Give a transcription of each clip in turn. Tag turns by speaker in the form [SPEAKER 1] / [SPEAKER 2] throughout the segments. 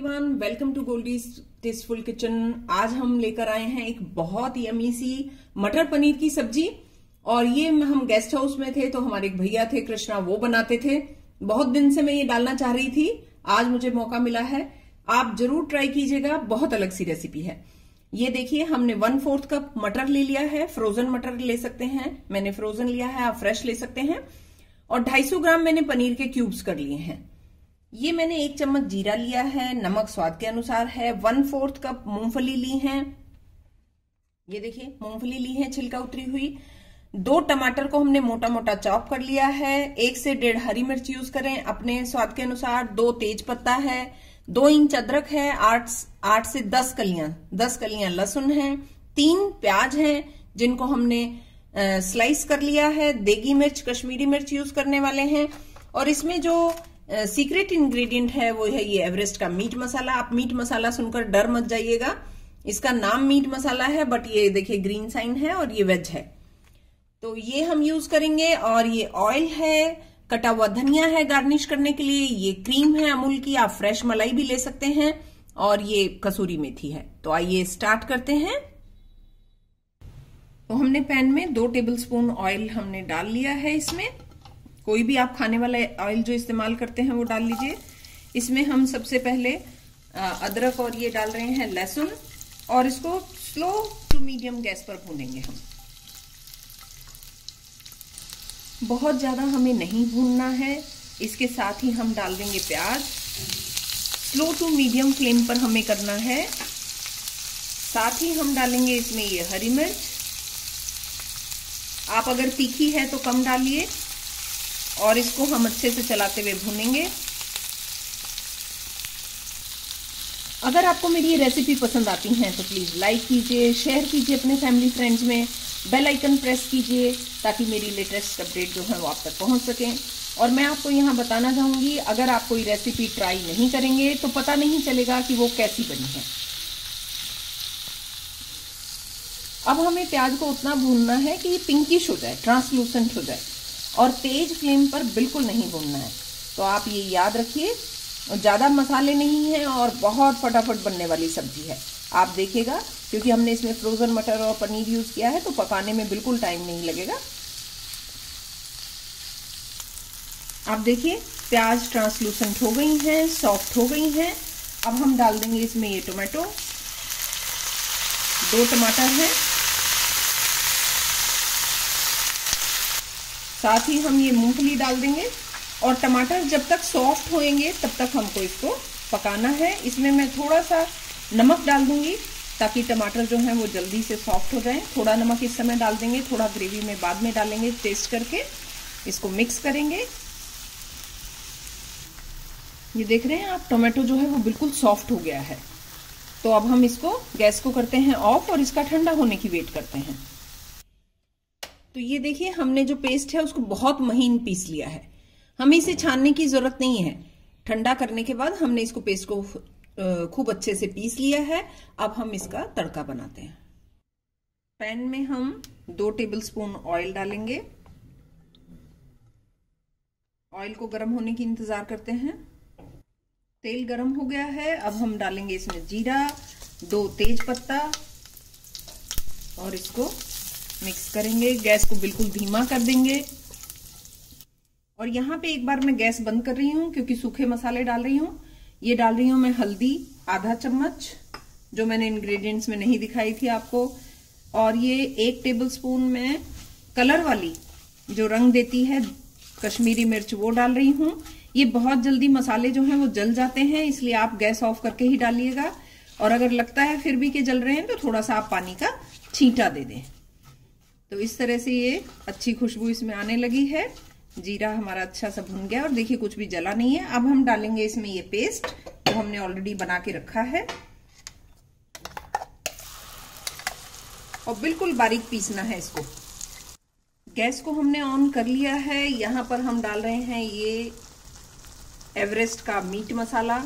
[SPEAKER 1] Everyone welcome to Goldie's tasteful kitchen आज हम लेकर आए हैं एक बहुत ही यमी सी मटर पनीर की सब्जी और ये हम गेस्ट हाउस में थे तो हमारे एक भैया थे कृष्णा वो बनाते थे बहुत दिन से मैं ये डालना चाह रही थी आज मुझे मौका मिला है आप जरूर ट्राई कीजिएगा बहुत अलग सी रेसिपी है ये देखिए हमने वन फोर्थ कप मटर ले लिया है फ्रोजन मटर ले सकते हैं मैंने फ्रोजन लिया है आप फ्रेश ले सकते हैं और 250 ग्राम मैंने पनीर के क्यूब्स कर लिए हैं ये मैंने एक चम्मच जीरा लिया है नमक स्वाद के अनुसार है वन फोर्थ कप मूंगफली ली है ये देखिए मूंगफली ली है छिलका उतरी हुई दो टमाटर को हमने मोटा मोटा चॉप कर लिया है एक से डेढ़ हरी मिर्च यूज करें अपने स्वाद के अनुसार दो तेज पत्ता है दो इंच अदरक है आठ आठ से दस कलियां दस कलियां लहसुन है तीन प्याज है जिनको हमने स्लाइस कर लिया है देगी मिर्च कश्मीरी मिर्च यूज करने वाले हैं और इसमें जो सीक्रेट इंग्रेडिएंट है वो है ये एवरेस्ट का मीट मसाला आप मीट मसाला सुनकर डर मत जाइएगा इसका नाम मीट मसाला है बट ये देखिए ग्रीन साइन है और ये वेज है तो ये हम यूज करेंगे और ये ऑयल है कटा हुआ धनिया है गार्निश करने के लिए ये क्रीम है अमूल की आप फ्रेश मलाई भी ले सकते हैं और ये कसूरी मेथी है तो आइए स्टार्ट करते हैं तो हमने पैन में दो टेबलस्पून ऑयल हमने डाल लिया है इसमें कोई भी आप खाने वाला ऑयल जो इस्तेमाल करते हैं वो डाल लीजिए इसमें हम सबसे पहले अदरक और ये डाल रहे हैं लहसुन और इसको स्लो टू मीडियम गैस पर भूनेंगे हम बहुत ज़्यादा हमें नहीं भूनना है इसके साथ ही हम डाल देंगे प्याज स्लो टू मीडियम फ्लेम पर हमें करना है साथ ही हम डालेंगे इसमें ये हरी मिर्च आप अगर तीखी है तो कम डालिए और इसको हम अच्छे से चलाते हुए भूनेंगे अगर आपको मेरी ये रेसिपी पसंद आती हैं तो प्लीज़ लाइक कीजिए शेयर कीजिए अपने फैमिली फ्रेंड्स में बेल आइकन प्रेस कीजिए ताकि मेरी लेटेस्ट अपडेट जो है वो आप तक पहुंच सकें और मैं आपको यहाँ बताना चाहूँगी अगर आप कोई रेसिपी ट्राई नहीं करेंगे तो पता नहीं चलेगा कि वो कैसी बनी है अब हमें प्याज को उतना भूनना है कि ये पिंकिश हो जाए ट्रांसलूसेंट हो जाए और तेज फ्लेम पर बिल्कुल नहीं भूनना है तो आप ये याद रखिए ज़्यादा मसाले नहीं हैं और बहुत फटाफट बनने वाली सब्जी है आप देखेगा क्योंकि हमने इसमें फ्रोज़न मटर और पनीर यूज़ किया है तो पकाने में बिल्कुल टाइम नहीं लगेगा आप देखिए प्याज ट्रांसलूसेंट हो गई हैं सॉफ्ट हो गई हैं अब हम डाल देंगे इसमें ये टोमेटो दो टमाटर हैं साथ ही हम ये मूंगफली डाल देंगे और टमाटर जब तक सॉफ्ट होएंगे तब तक हमको इसको पकाना है इसमें मैं थोड़ा सा नमक डाल दूंगी ताकि टमाटर जो है वो जल्दी से सॉफ्ट हो जाएं थोड़ा नमक इस समय डाल देंगे थोड़ा ग्रेवी में बाद में डालेंगे टेस्ट करके इसको मिक्स करेंगे ये देख रहे हैं आप टोमेटो जो है वो बिल्कुल सॉफ्ट हो गया है तो अब हम इसको गैस को करते हैं ऑफ और इसका ठंडा होने की वेट करते हैं तो ये देखिए हमने जो पेस्ट है उसको बहुत महीन पीस लिया है हमें इसे छानने की जरूरत नहीं है ठंडा करने के बाद हमने इसको पेस्ट को खूब अच्छे से पीस लिया है अब हम इसका तड़का बनाते हैं पैन में हम दो टेबलस्पून ऑयल डालेंगे ऑयल को गर्म होने की इंतजार करते हैं तेल गर्म हो गया है अब हम डालेंगे इसमें जीरा दो तेज पत्ता और इसको मिक्स करेंगे गैस को बिल्कुल धीमा कर देंगे और यहाँ पे एक बार मैं गैस बंद कर रही हूँ क्योंकि सूखे मसाले डाल रही हूँ ये डाल रही हूँ मैं हल्दी आधा चम्मच जो मैंने इंग्रेडिएंट्स में नहीं दिखाई थी आपको और ये एक टेबल स्पून में कलर वाली जो रंग देती है कश्मीरी मिर्च वो डाल रही हूँ ये बहुत जल्दी मसाले जो हैं वो जल जाते हैं इसलिए आप गैस ऑफ करके ही डालिएगा और अगर लगता है फिर भी के जल रहे हैं तो थोड़ा सा आप पानी का छींटा दे दें तो इस तरह से ये अच्छी खुशबू इसमें आने लगी है जीरा हमारा अच्छा सा भुन गया और देखिए कुछ भी जला नहीं है अब हम डालेंगे इसमें ये पेस्ट जो हमने ऑलरेडी बना के रखा है और बिल्कुल बारीक पीसना है इसको गैस को हमने ऑन कर लिया है यहां पर हम डाल रहे हैं ये एवरेस्ट का मीट मसाला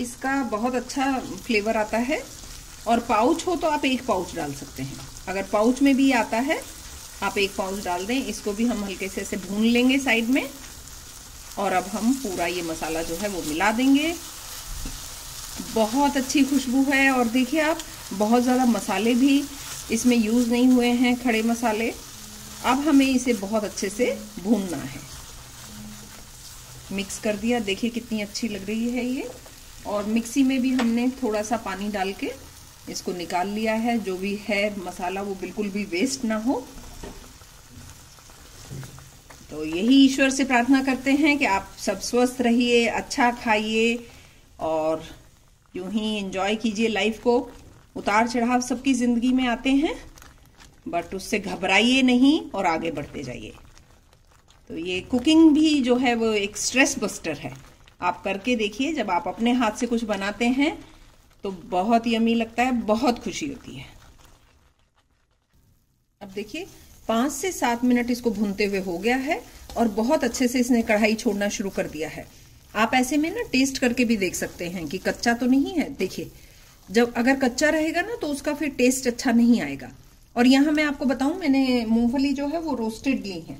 [SPEAKER 1] इसका बहुत अच्छा फ्लेवर आता है और पाउच हो तो आप एक पाउच डाल सकते हैं अगर पाउच में भी आता है आप एक पाउच डाल दें इसको भी हम हल्के से ऐसे भून लेंगे साइड में और अब हम पूरा ये मसाला जो है वो मिला देंगे बहुत अच्छी खुशबू है और देखिए आप बहुत ज़्यादा मसाले भी इसमें यूज़ नहीं हुए हैं खड़े मसाले अब हमें इसे बहुत अच्छे से भूनना है मिक्स कर दिया देखिए कितनी अच्छी लग रही है ये और मिक्सी में भी हमने थोड़ा सा पानी डाल के इसको निकाल लिया है जो भी है मसाला वो बिल्कुल भी वेस्ट ना हो तो यही ईश्वर से प्रार्थना करते हैं कि आप सब स्वस्थ रहिए अच्छा खाइए और यूं ही एंजॉय कीजिए लाइफ को उतार चढ़ाव सबकी ज़िंदगी में आते हैं बट उससे घबराइए नहीं और आगे बढ़ते जाइए तो ये कुकिंग भी जो है वो एक स्ट्रेस बस्टर है आप करके देखिए जब आप अपने हाथ से कुछ बनाते हैं तो बहुत ही अमीर लगता है बहुत खुशी होती है अब देखिए पांच से सात मिनट इसको भूनते हुए हो गया है और बहुत अच्छे से इसने कढ़ाई छोड़ना शुरू कर दिया है आप ऐसे में ना टेस्ट करके भी देख सकते हैं कि कच्चा तो नहीं है देखिए जब अगर कच्चा रहेगा ना तो उसका फिर टेस्ट अच्छा नहीं आएगा और यहां मैं आपको बताऊं मैंने मूंगफली जो है वो रोस्टेड ली है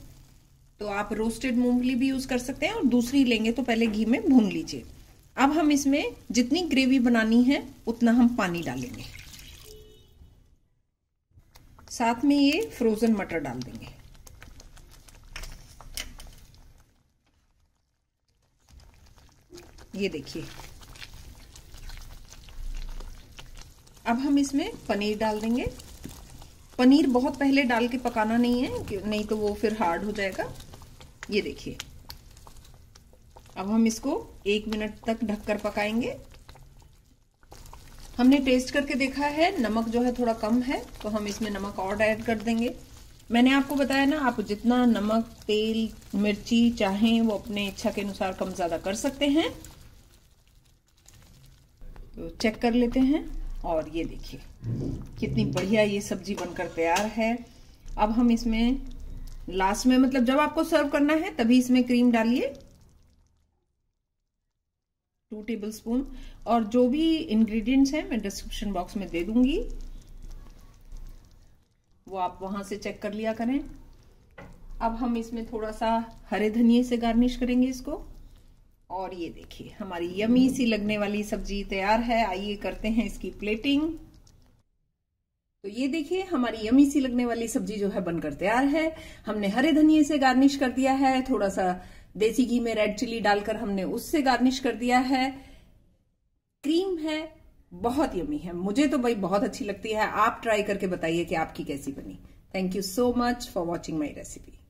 [SPEAKER 1] तो आप रोस्टेड मूंगफली भी यूज़ कर सकते हैं और दूसरी लेंगे तो पहले घी में भून लीजिए अब हम इसमें जितनी ग्रेवी बनानी है उतना हम पानी डालेंगे साथ में ये फ्रोज़न मटर डाल देंगे ये देखिए अब हम इसमें पनीर डाल देंगे पनीर बहुत पहले डाल के पकाना नहीं है नहीं तो वो फिर हार्ड हो जाएगा ये देखिए अब हम इसको एक मिनट तक ढककर पकाएंगे हमने टेस्ट करके देखा है नमक जो है थोड़ा कम है तो हम इसमें नमक और ऐड कर देंगे मैंने आपको बताया ना आप जितना नमक तेल मिर्ची चाहें वो अपने इच्छा के अनुसार कम ज़्यादा कर सकते हैं तो चेक कर लेते हैं और ये देखिए कितनी बढ़िया ये सब्जी बनकर तैयार है अब हम इसमें लास्ट में मतलब जब आपको सर्व करना है तभी इसमें क्रीम डालिए टू टेबल स्पून और जो भी इंग्रेडिएंट्स हैं मैं डिस्क्रिप्शन बॉक्स में दे दूंगी वो आप वहां से चेक कर लिया करें अब हम इसमें थोड़ा सा हरे धनिए से गार्निश करेंगे इसको और ये देखिए हमारी यमी hmm. सी लगने वाली सब्जी तैयार है आइए करते हैं इसकी प्लेटिंग तो ये देखिए हमारी यमी सी लगने वाली सब्जी जो है बनकर तैयार है हमने हरे धनिए से गार्निश कर दिया है थोड़ा सा देसी घी में रेड चिली डालकर हमने उससे गार्निश कर दिया है क्रीम है बहुत यमी है मुझे तो भाई बहुत अच्छी लगती है आप ट्राई करके बताइए कि आपकी कैसी बनी thank you so much for watching my recipe